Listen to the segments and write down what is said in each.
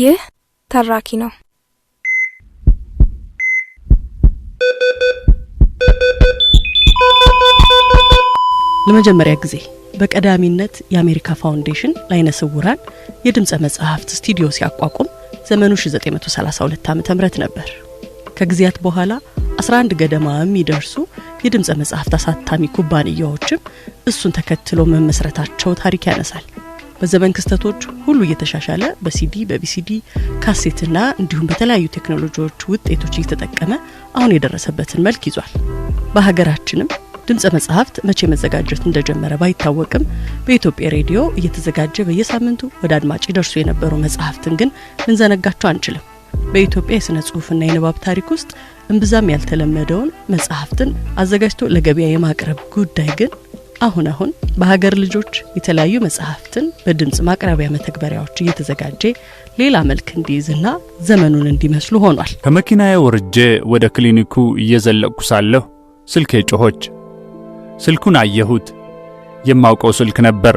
ይህ ተራኪ ነው። ለመጀመሪያ ጊዜ በቀዳሚነት የአሜሪካ ፋውንዴሽን ለዓይነ ስውራን የድምፀ መጽሐፍት ስቱዲዮ ሲያቋቁም ዘመኑ 1932 ዓ ም ነበር። ከጊዜያት በኋላ 11 ገደማ የሚደርሱ የድምፀ መጽሐፍት አሳታሚ ኩባንያዎችም እሱን ተከትሎ መመስረታቸው ታሪክ ያነሳል። በዘመን ክስተቶች ሁሉ እየተሻሻለ በሲዲ በቢሲዲ ካሴትና እንዲሁም በተለያዩ ቴክኖሎጂዎች ውጤቶች እየተጠቀመ አሁን የደረሰበትን መልክ ይዟል። በሀገራችንም ድምፀ መጽሐፍት መቼ መዘጋጀት እንደጀመረ ባይታወቅም በኢትዮጵያ ሬዲዮ እየተዘጋጀ በየሳምንቱ ወደ አድማጭ ደርሱ የነበሩ መጽሐፍትን ግን ልንዘነጋቸው አንችልም። በኢትዮጵያ የሥነ ጽሑፍና የንባብ ታሪክ ውስጥ እምብዛም ያልተለመደውን መጽሐፍትን አዘጋጅቶ ለገበያ የማቅረብ ጉዳይ ግን አሁን አሁን በሀገር ልጆች የተለያዩ መጽሐፍትን በድምፅ ማቅረቢያ መተግበሪያዎች እየተዘጋጀ ሌላ መልክ እንዲይዝና ዘመኑን እንዲመስሉ ሆኗል። ከመኪናዬ ወርጄ ወደ ክሊኒኩ እየዘለቅኩ ሳለሁ ስልኬ ጮሆች። ስልኩን አየሁት። የማውቀው ስልክ ነበር።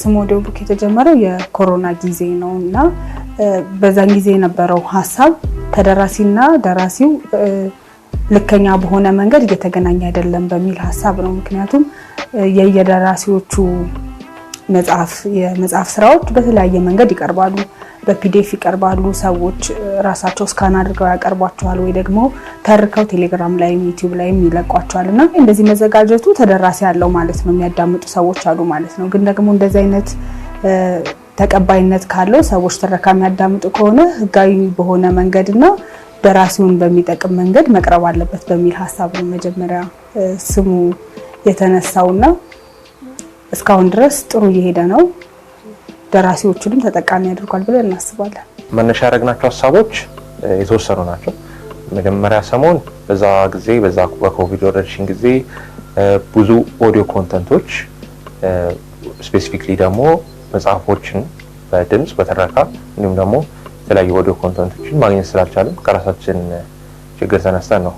ስሞ ቡክ የተጀመረው የኮሮና ጊዜ ነው እና በዛን ጊዜ የነበረው ሀሳብ ተደራሲና ደራሲው ልከኛ በሆነ መንገድ እየተገናኘ አይደለም በሚል ሀሳብ ነው። ምክንያቱም የየደራሲዎቹ መጽሐፍ የመጽሐፍ ስራዎች በተለያየ መንገድ ይቀርባሉ። በፒዲኤፍ ይቀርባሉ። ሰዎች ራሳቸው እስካን አድርገው ያቀርቧቸዋል፣ ወይ ደግሞ ተርከው ቴሌግራም ላይም ዩቲዩብ ላይም ይለቋቸዋል እና እንደዚህ መዘጋጀቱ ተደራሲ ያለው ማለት ነው። የሚያዳምጡ ሰዎች አሉ ማለት ነው። ግን ደግሞ እንደዚህ አይነት ተቀባይነት ካለው ሰዎች ትረካ የሚያዳምጡ ከሆነ ህጋዊ በሆነ መንገድ እና ደራሲውን በሚጠቅም መንገድ መቅረብ አለበት በሚል ሀሳብ ነው መጀመሪያ ስሙ የተነሳውና እስካሁን ድረስ ጥሩ እየሄደ ነው። ደራሲዎቹንም ተጠቃሚ ያደርጓል ብለን እናስባለን። መነሻ ያደረግናቸው ሀሳቦች የተወሰኑ ናቸው። መጀመሪያ ሰሞን በዛ ጊዜ በዛ በኮቪድ ወረርሽኝ ጊዜ ብዙ ኦዲዮ ኮንተንቶች ስፔሲፊክሊ ደግሞ መጽሐፎችን በድምፅ በተረካ እንዲሁም ደግሞ የተለያዩ ኦዲዮ ኮንተንቶችን ማግኘት ስላልቻለም ከራሳችን ችግር ተነስተን ነው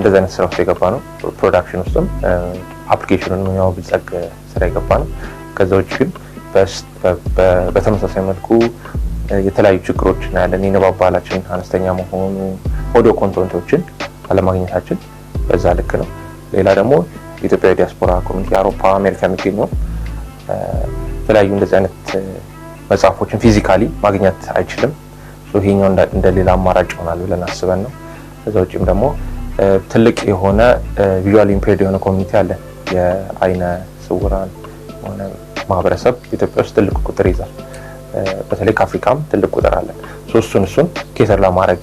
እንደዚህ አይነት ስራ ውስጥ የገባ ነው። ፕሮዳክሽን ውስጥም አፕሊኬሽኑን um, ያው ብልጸግ ስራ የገባ ነው። ከዛ ውጭ ግን በተመሳሳይ መልኩ uh, የተለያዩ ችግሮች እናያለን። የንባ ባህላችን አነስተኛ መሆኑ፣ ኦዲዮ ኮንተንቶችን አለማግኘታችን በዛ ልክ ነው። ሌላ ደግሞ የኢትዮጵያ ዲያስፖራ ኮሚኒቲ አውሮፓ፣ አሜሪካ የሚገኘው uh, የተለያዩ እንደዚህ አይነት uh, መጽሐፎችን ፊዚካሊ ማግኘት አይችልም። ይሄኛው እንደሌላ አማራጭ ይሆናል ብለን አስበን ነው። ከዛ ውጭም ደግሞ ትልቅ የሆነ ቪዥዋል ኢምፔርድ የሆነ ኮሚኒቲ አለ። የአይነ ስውራን ሆነ ማህበረሰብ ኢትዮጵያ ውስጥ ትልቅ ቁጥር ይዛል። በተለይ ከአፍሪካም ትልቅ ቁጥር አለን። ሶስቱን እሱን ኬተር ለማድረግ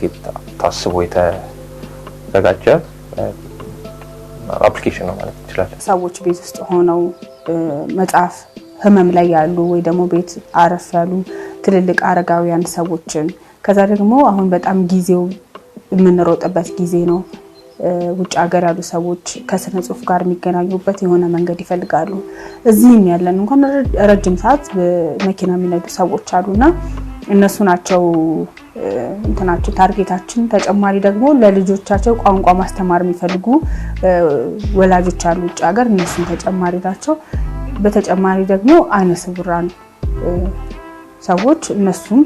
ታስቦ የተዘጋጀ አፕሊኬሽን ነው ማለት እንችላለን። ሰዎች ቤት ውስጥ ሆነው መጽሐፍ ህመም ላይ ያሉ ወይ ደግሞ ቤት አረፍ ያሉ ትልልቅ አረጋውያን ሰዎችን ከዛ ደግሞ አሁን በጣም ጊዜው የምንሮጥበት ጊዜ ነው። ውጭ ሀገር ያሉ ሰዎች ከስነ ጽሁፍ ጋር የሚገናኙበት የሆነ መንገድ ይፈልጋሉ። እዚህም ያለን እንኳን ረጅም ሰዓት መኪና የሚነዱ ሰዎች አሉና እነሱ ናቸው እንትናቸው ታርጌታችን። ተጨማሪ ደግሞ ለልጆቻቸው ቋንቋ ማስተማር የሚፈልጉ ወላጆች አሉ ውጭ ሀገር፣ እነሱን ተጨማሪ ናቸው። በተጨማሪ ደግሞ አይነ ስውራን ሰዎች እነሱም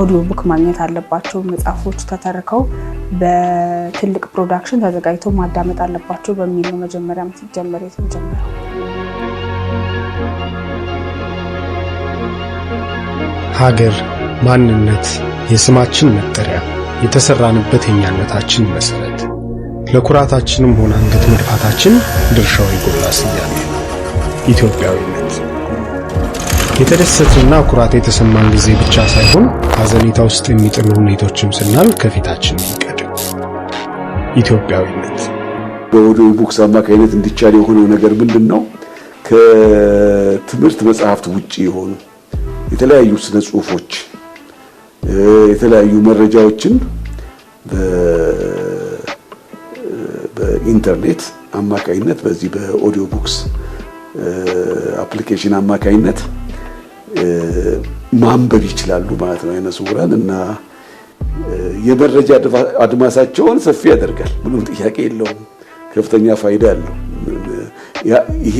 ኦዲዮ ቡክ ማግኘት አለባቸው። መጽሐፎች ተተርከው በትልቅ ፕሮዳክሽን ተዘጋጅቶ ማዳመጥ አለባቸው በሚል ነው መጀመሪያ ሲጀመር የተጀመረው። ሀገር፣ ማንነት፣ የስማችን መጠሪያ፣ የተሰራንበት የኛነታችን መሰረት፣ ለኩራታችንም ሆነ አንገት መድፋታችን ድርሻው የጎላ ስያሜ ኢትዮጵያዊነት የተደሰትና ኩራት የተሰማን ጊዜ ብቻ ሳይሆን ሀዘኔታ ውስጥ የሚጥሉ ሁኔቶችም ስናል ከፊታችን ኢትዮጵያዊነት። በኦዲዮ ቡክስ አማካኝነት እንዲቻል የሆነው ነገር ምንድን ነው? ከትምህርት መጽሐፍት ውጭ የሆኑ የተለያዩ ስነ ጽሁፎች፣ የተለያዩ መረጃዎችን በኢንተርኔት አማካኝነት በዚህ በኦዲዮ ቡክስ አፕሊኬሽን አማካኝነት ማንበብ ይችላሉ ማለት ነው አይነ ስውራን እና የመረጃ አድማሳቸውን ሰፊ ያደርጋል። ምንም ጥያቄ የለውም። ከፍተኛ ፋይዳ አለው። ይሄ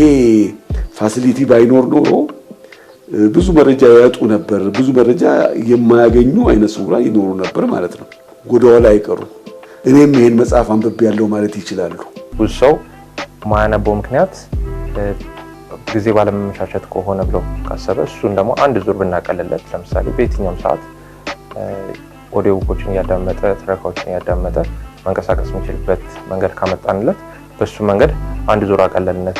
ፋሲሊቲ ባይኖር ኖሮ ብዙ መረጃ ያጡ ነበር። ብዙ መረጃ የማያገኙ አይነ ስውራን ይኖሩ ነበር ማለት ነው። ላይ አይቀሩ እኔም ይሄን መጽሐፍ አንብቤ ያለው ማለት ይችላሉ። ብዙ ሰው ማያነበው ምክንያት ጊዜ ባለመመቻቸት ከሆነ ብሎ ካሰበ እሱን ደግሞ አንድ ዙር ብናቀልለት፣ ለምሳሌ በየትኛውም ሰዓት ኦዲዮ ቡኮችን እያዳመጠ ትረካዎችን እያዳመጠ መንቀሳቀስ የሚችልበት መንገድ ካመጣንለት በሱ መንገድ አንድ ዞር አቀለልነት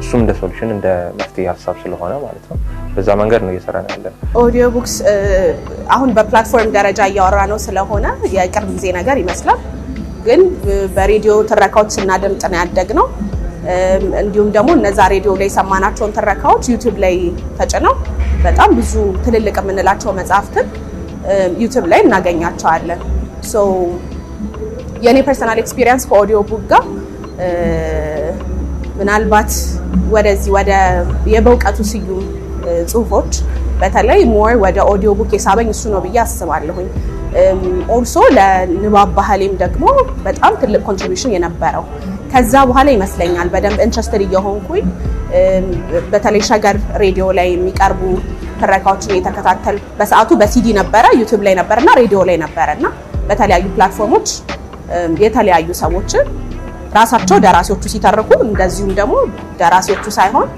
እሱም እንደ ሶሉሽን እንደ መፍትሄ ሀሳብ ስለሆነ ማለት ነው። በዛ መንገድ ነው እየሰራ ነው ያለ። ኦዲዮ ቡክስ አሁን በፕላትፎርም ደረጃ እያወራ ነው ስለሆነ የቅርብ ጊዜ ነገር ይመስላል፣ ግን በሬዲዮ ትረካዎች ስናደምጥ ነው ነው። እንዲሁም ደግሞ እነዛ ሬዲዮ ላይ የሰማናቸውን ትረካዎች ዩቱብ ላይ ተጭነው በጣም ብዙ ትልልቅ የምንላቸው መጽሐፍትን ዩቱብ um, ላይ እናገኛቸዋለን። ሶ የእኔ ፐርሰናል ኤክስፒሪየንስ ከኦዲዮ ቡክ ጋር uh, ምናልባት ወደዚህ ወደ የበውቀቱ ስዩም uh, ጽሁፎች በተለይ ሞር ወደ ኦዲዮ ቡክ የሳበኝ እሱ ነው ብዬ አስባለሁኝ። ኦልሶ um, ለንባብ ባህሌም ደግሞ በጣም ትልቅ ኮንትሪቢሽን የነበረው ከዛ በኋላ ይመስለኛል በደንብ ኢንትረስትድ እየሆንኩኝ um, በተለይ ሸገር ሬዲዮ ላይ የሚቀርቡ ትረካዎችን እየተከታተል በሰዓቱ በሲዲ ነበረ፣ ዩቲዩብ ላይ ነበረና ሬዲዮ ላይ ነበረና በተለያዩ ፕላትፎርሞች የተለያዩ ሰዎች ራሳቸው ደራሲዎቹ ሲተርኩ እንደዚሁም ደግሞ ደራሲዎቹ ሳይሆን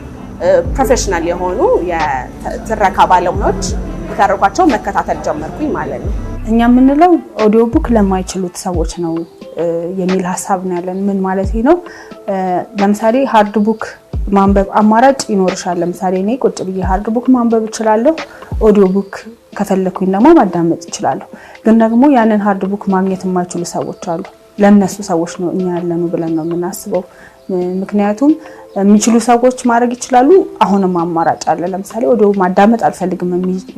ፕሮፌሽናል የሆኑ የትረካ ባለሙያዎች የተረኳቸው መከታተል ጀመርኩኝ ማለት ነው። እኛ የምንለው ኦዲዮ ቡክ ለማይችሉት ሰዎች ነው የሚል ሀሳብ ነው ያለን። ምን ማለት ነው? ለምሳሌ ሀርድ ቡክ ማንበብ አማራጭ ይኖርሻል። ለምሳሌ እኔ ቁጭ ብዬ ሀርድ ቡክ ማንበብ እችላለሁ። ኦዲዮ ቡክ ከፈለኩኝ ደግሞ ማዳመጥ እችላለሁ። ግን ደግሞ ያንን ሀርድ ቡክ ማግኘት የማይችሉ ሰዎች አሉ። ለእነሱ ሰዎች ነው እኛ ያለኑ ብለን ነው የምናስበው። ምክንያቱም የሚችሉ ሰዎች ማድረግ ይችላሉ። አሁንም አማራጭ አለ። ለምሳሌ ኦዲዮ ማዳመጥ አልፈልግም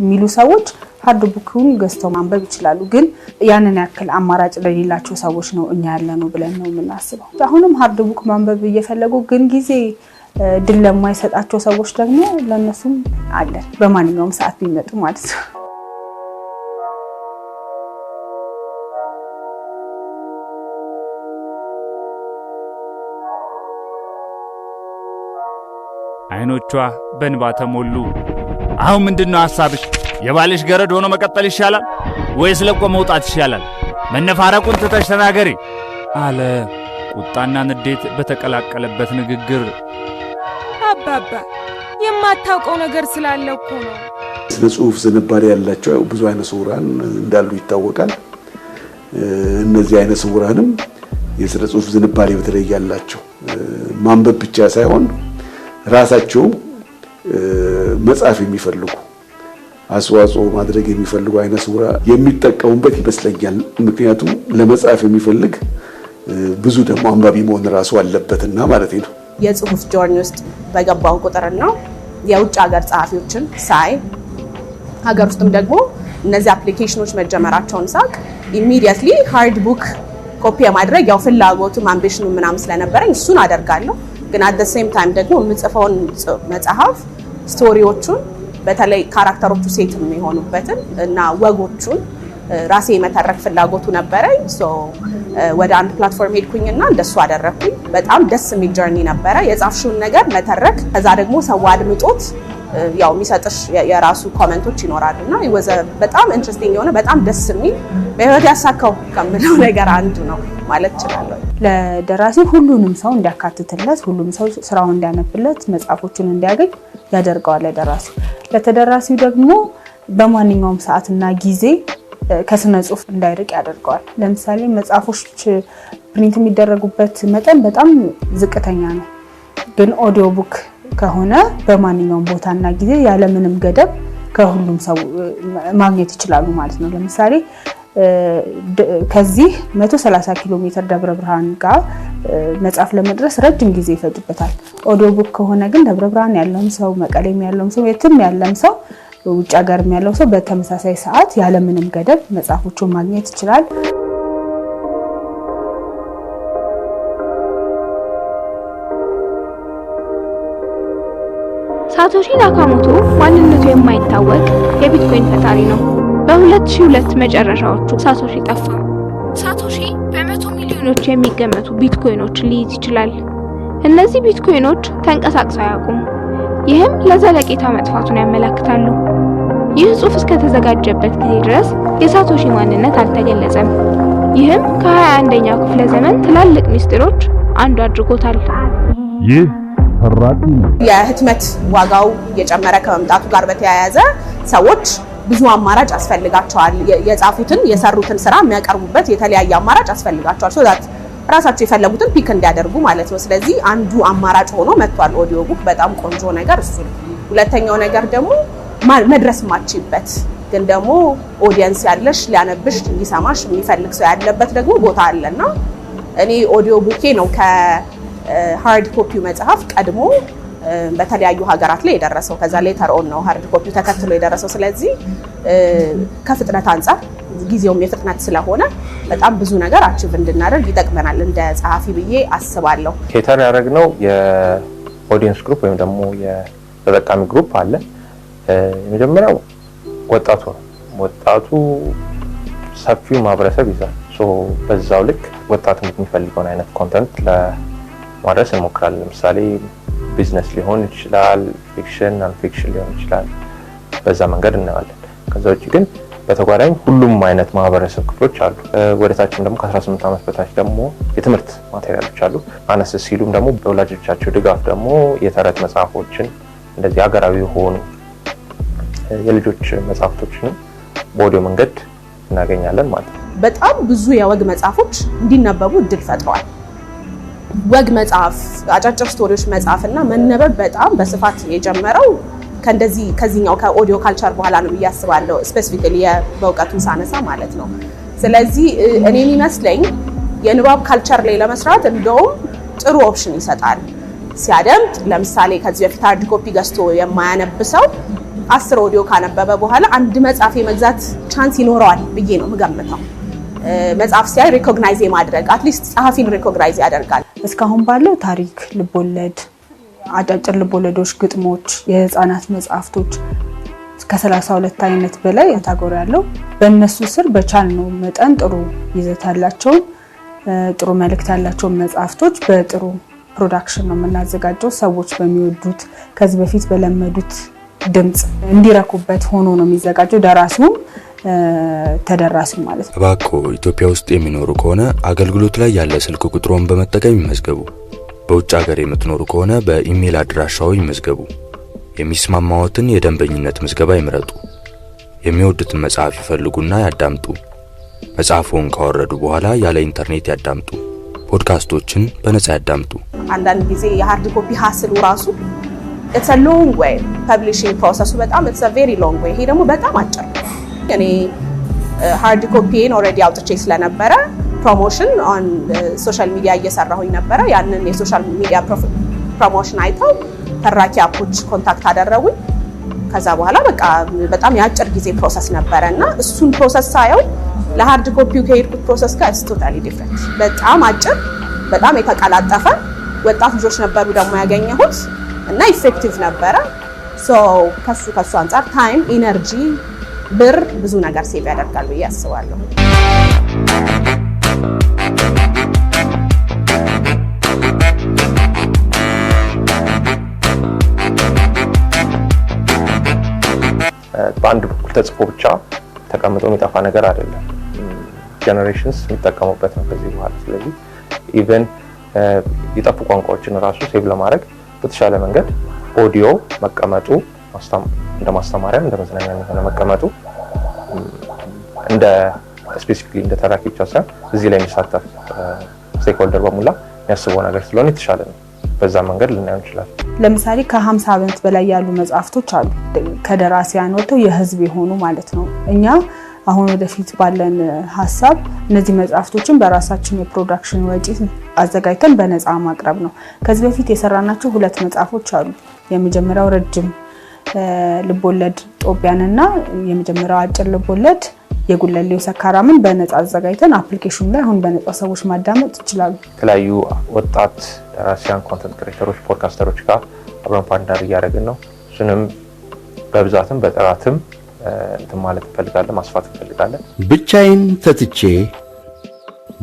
የሚሉ ሰዎች ሀርድ ቡክን ገዝተው ማንበብ ይችላሉ። ግን ያንን ያክል አማራጭ ለሌላቸው ሰዎች ነው እኛ ያለኑ ብለን ነው የምናስበው። አሁንም ሀርድ ቡክ ማንበብ እየፈለጉ ግን ጊዜ ድል ለማይሰጣቸው ሰዎች ደግሞ ለእነሱም አለን በማንኛውም ሰዓት ቢመጡ ማለት ነው። አይኖቿ በንባ ተሞሉ። አሁን ምንድን ነው ሐሳብሽ? የባልሽ ገረድ ሆኖ መቀጠል ይሻላል ወይስ ለቆ መውጣት ይሻላል? መነፋረቁን ትተሽ ተናገሪ አለ። ቁጣና ንዴት በተቀላቀለበት ንግግር አባባ የማታውቀው ነገር ስላለ እኮ ነው። ስነ ጽሁፍ ዝንባሌ ያላቸው ብዙ አይነ ስውራን እንዳሉ ይታወቃል። እነዚህ አይነ ስውራንም የስነ ጽሁፍ ዝንባሌ በተለይ ያላቸው ማንበብ ብቻ ሳይሆን ራሳቸው መጽሐፍ የሚፈልጉ አስተዋጽኦ ማድረግ የሚፈልጉ አይነ ስውራ የሚጠቀሙበት ይመስለኛል። ምክንያቱም ለመጻፍ የሚፈልግ ብዙ ደግሞ አንባቢ መሆን ራሱ አለበትና ማለት ነው። የጽሁፍ ጆርኒ ውስጥ በገባው ነው። የውጭ ሀገር ጸሐፊዎችን ሳይ ሀገር ውስጥም ደግሞ እነዚህ አፕሊኬሽኖች መጀመራቸውን ሳቅ ኢሚዲየትሊ ሃርድ ቡክ ኮፒ የማድረግ ያው ፍላጎቱም አምቢሽኑ ምናምን ስለነበረኝ እሱን አደርጋለሁ። ግን አት ሴም ታይም ደግሞ የምጽፈውን መጽሐፍ ስቶሪዎቹን በተለይ ካራክተሮቹ ሴት የሚሆኑበትን እና ወጎቹን ራሴ የመተረክ ፍላጎቱ ነበረኝ። ወደ አንድ ፕላትፎርም ሄድኩኝና እንደሱ አደረግኩኝ። በጣም ደስ የሚል ጀርኒ ነበረ። የጻፍሽውን ነገር መተረክ፣ ከዛ ደግሞ ሰው አድምጦት ያው የሚሰጥሽ የራሱ ኮመንቶች ይኖራሉ እና በጣም ኢንትረስቲንግ የሆነ በጣም ደስ የሚል በህይወት ያሳካው ከምለው ነገር አንዱ ነው ማለት እችላለሁ። ለደራሲ ሁሉንም ሰው እንዲያካትትለት፣ ሁሉም ሰው ስራውን እንዲያነብለት፣ መጽሐፎቹን እንዲያገኝ ያደርገዋል። ለደራሲው ለተደራሲው ደግሞ በማንኛውም ሰዓትና ጊዜ ከስነ ጽሁፍ እንዳይርቅ ያደርገዋል። ለምሳሌ መጽሐፎች ፕሪንት የሚደረጉበት መጠን በጣም ዝቅተኛ ነው። ግን ኦዲዮ ቡክ ከሆነ በማንኛውም ቦታና ጊዜ ያለምንም ገደብ ከሁሉም ሰው ማግኘት ይችላሉ ማለት ነው። ለምሳሌ ከዚህ 130 ኪሎ ሜትር ደብረ ብርሃን ጋር መጽሐፍ ለመድረስ ረጅም ጊዜ ይፈጅበታል። ኦዲዮ ቡክ ከሆነ ግን ደብረ ብርሃን ያለውም ሰው መቀሌም ያለውም ሰው የትም ያለም ሰው ውጭ ሀገርም ያለው ሰው በተመሳሳይ ሰዓት ያለምንም ገደብ መጽሐፎቹን ማግኘት ይችላል። ሳቶሺ ናካሞቶ ማንነቱ የማይታወቅ የቢትኮይን ፈጣሪ ነው። በ2002 መጨረሻዎቹ ሳቶሺ ጠፋ። ሳቶሺ በመቶ ሚሊዮኖች የሚገመቱ ቢትኮይኖች ሊይዝ ይችላል። እነዚህ ቢትኮይኖች ተንቀሳቅሰው አያውቁም። ይህም ለዘለቄታ መጥፋቱን ያመለክታሉ። ይህ ጽሑፍ እስከተዘጋጀበት ጊዜ ድረስ የሳቶሺ ማንነት አልተገለጸም። ይህም ከ21ኛው ክፍለ ዘመን ትላልቅ ሚስጢሮች አንዱ አድርጎታል። ይህ ተራቂ ነው። የህትመት ዋጋው እየጨመረ ከመምጣቱ ጋር በተያያዘ ሰዎች ብዙ አማራጭ ያስፈልጋቸዋል። የጻፉትን የሰሩትን ስራ የሚያቀርቡበት የተለያየ አማራጭ ያስፈልጋቸዋል። ራሳቸው የፈለጉትን ፒክ እንዲያደርጉ ማለት ነው። ስለዚህ አንዱ አማራጭ ሆኖ መጥቷል ኦዲዮ ቡክ። በጣም ቆንጆ ነገር እሱ ነው። ሁለተኛው ነገር ደግሞ መድረስ ማችበት ግን ደግሞ ኦዲየንስ ያለሽ ሊያነብሽ ሊሰማሽ የሚፈልግ ሰው ያለበት ደግሞ ቦታ አለና እኔ ኦዲዮ ቡኬ ነው ከሃርድ ኮፒው መጽሐፍ ቀድሞ በተለያዩ ሀገራት ላይ የደረሰው ከዛ ሌተር ኦን ነው ሀርድ ኮፒ ተከትሎ የደረሰው። ስለዚህ ከፍጥነት አንጻር ጊዜውም የፍጥነት ስለሆነ በጣም ብዙ ነገር አችቭ እንድናደርግ ይጠቅመናል እንደ ጸሐፊ ብዬ አስባለሁ። ኬተር ያደረግነው የኦዲየንስ ግሩፕ ወይም ደግሞ የተጠቃሚ ግሩፕ አለ። የመጀመሪያው ወጣቱ ነው። ወጣቱ ሰፊው ማህበረሰብ ይዛል። በዛው ልክ ወጣት የሚፈልገውን አይነት ኮንተንት ለማድረስ እንሞክራለን። ለምሳሌ ቢዝነስ ሊሆን ይችላል፣ ፊክሽን፣ ናንፊክሽን ሊሆን ይችላል። በዛ መንገድ እናያለን። ከዛ ውጭ ግን በተጓዳኝ ሁሉም አይነት ማህበረሰብ ክፍሎች አሉ። ወደታችም ደግሞ ከ18 ዓመት በታች ደግሞ የትምህርት ማቴሪያሎች አሉ። አነስ ሲሉም ደግሞ በወላጆቻቸው ድጋፍ ደግሞ የተረት መጽሐፎችን እንደዚህ ሀገራዊ የሆኑ የልጆች መጽሐፍቶችን በኦዲዮ መንገድ እናገኛለን ማለት ነው። በጣም ብዙ የወግ መጽሐፎች እንዲነበቡ እድል ፈጥረዋል። ወግ መጽሐፍ፣ አጫጭር ስቶሪዎች መጽሐፍ እና መነበብ በጣም በስፋት የጀመረው ከእንደዚህ ከዚህኛው ከኦዲዮ ካልቸር በኋላ ነው ብዬ አስባለሁ። ስፔሲፊካሊ በእውቀቱን ሳነሳ ማለት ነው። ስለዚህ እኔ የሚመስለኝ የንባብ ካልቸር ላይ ለመስራት እንደውም ጥሩ ኦፕሽን ይሰጣል። ሲያደምጥ ለምሳሌ ከዚህ በፊት ሃርድ ኮፒ ገዝቶ የማያነብ ሰው አስር ኦዲዮ ካነበበ በኋላ አንድ መጽሐፍ የመግዛት ቻንስ ይኖረዋል ብዬ ነው የምገምተው። መጽሐፍ ሲያይ ሪኮግናይዝ የማድረግ አትሊስት ጸሐፊን ሪኮግናይዝ ያደርጋል። እስካሁን ባለው ታሪክ፣ ልቦለድ፣ አጫጭር ልቦለዶች፣ ግጥሞች፣ የህፃናት መጽሐፍቶች ከሰላሳ ሁለት አይነት በላይ ታጎር ያለው በእነሱ ስር በቻልነው መጠን ጥሩ ይዘት ያላቸውን ጥሩ መልእክት ያላቸውን መጽሐፍቶች በጥሩ ፕሮዳክሽን ነው የምናዘጋጀው። ሰዎች በሚወዱት ከዚህ በፊት በለመዱት ድምፅ እንዲረኩበት ሆኖ ነው የሚዘጋጀው። ደራሲውም ተደራስን ማለት ነው። እባክዎ ኢትዮጵያ ውስጥ የሚኖሩ ከሆነ አገልግሎት ላይ ያለ ስልክ ቁጥሮን በመጠቀም ይመዝገቡ። በውጭ ሀገር የምትኖሩ ከሆነ በኢሜይል አድራሻው ይመዝገቡ። የሚስማማዎትን የደንበኝነት ምዝገባ ይምረጡ። የሚወዱትን መጽሐፍ ይፈልጉና ያዳምጡ። መጽሐፉን ካወረዱ በኋላ ያለ ኢንተርኔት ያዳምጡ። ፖድካስቶችን በነጻ ያዳምጡ። አንዳንድ ጊዜ የሀርድ ኮፒ ሀስሉ ራሱ ኢትስ ሎንግ ዌይ ፐብሊሽንግ ፕሮሰሱ በጣም ኢትስ ቬሪ ሎንግ ዌይ። ይሄ ደግሞ በጣም አጭር እኔ ሃርድ ኮፒን ኦልሬዲ አውጥቼ ስለነበረ ፕሮሞሽን ኦን ሶሻል ሚዲያ እየሰራሁኝ ነበረ። ያንን የሶሻል ሚዲያ ፕሮሞሽን አይተው ተራኪ አፖች ኮንታክት አደረጉኝ። ከዛ በኋላ በቃ በጣም የአጭር ጊዜ ፕሮሰስ ነበረ እና እሱን ፕሮሰስ ሳየው ለሃርድ ኮፒው ከሄድኩት ፕሮሰስ ጋር ቶታሊ ዲፍረንት፣ በጣም አጭር፣ በጣም የተቀላጠፈ ወጣት ልጆች ነበሩ ደግሞ ያገኘሁት እና ኢፌክቲቭ ነበረ። ሶ ከሱ ከሱ አንጻር ታይም ኢነርጂ ብር ብዙ ነገር ሴቭ ያደርጋሉ ብዬ አስባለሁ። በአንድ በኩል ተጽፎ ብቻ ተቀምጦ የሚጠፋ ነገር አይደለም። ጀኔሬሽንስ የሚጠቀሙበት ነው ከዚህ በኋላ። ስለዚህ ኢቨን የጠፉ ቋንቋዎችን ራሱ ሴቭ ለማድረግ በተሻለ መንገድ ኦዲዮ መቀመጡ እንደ ማስተማሪያም እንደ ሆነ መቀመጡ እንደ ስፔሲፊክ እንደ ተራኪ ብቻ ሳይሆን እዚህ ላይ የሚሳተፍ ስቴክሆልደር በሙላ የሚያስበው ነገር ስለሆነ የተሻለ ነው። በዛ መንገድ ልናየው እንችላል። ለምሳሌ ከ50 ዓመት በላይ ያሉ መጽሐፍቶች አሉ፣ ከደራሲያን ወጥተው የህዝብ የሆኑ ማለት ነው። እኛ አሁን ወደፊት ባለን ሀሳብ እነዚህ መጽሐፍቶችን በራሳችን የፕሮዳክሽን ወጪ አዘጋጅተን በነፃ ማቅረብ ነው። ከዚህ በፊት የሰራናቸው ሁለት መጽሐፎች አሉ። የመጀመሪያው ረጅም ልቦለድ ጦቢያንና የመጀመሪያው አጭር ልቦለድ የጉለሌው ሰካራምን በነፃ አዘጋጅተን አፕሊኬሽኑ ላይ አሁን በነፃ ሰዎች ማዳመጥ ይችላሉ። የተለያዩ ወጣት ደራሲያን፣ ኮንተንት ክሬተሮች፣ ፖድካስተሮች ጋር አብረን ፓርትነር እያደረግን ነው። እሱንም በብዛትም በጥራትም እንትን ማለት እንፈልጋለን፣ ማስፋት እንፈልጋለን። ብቻዬን ተትቼ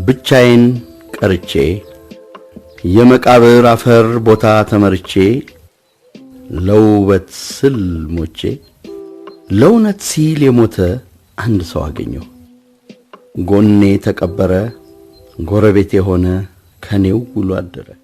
ብቻዬን ቀርቼ የመቃብር አፈር ቦታ ተመርቼ ለውበት ስል ሞቼ ለእውነት ሲል የሞተ አንድ ሰው አገኘሁ። ጎኔ ተቀበረ፣ ጎረቤት የሆነ ከኔው ውሎ አደረ።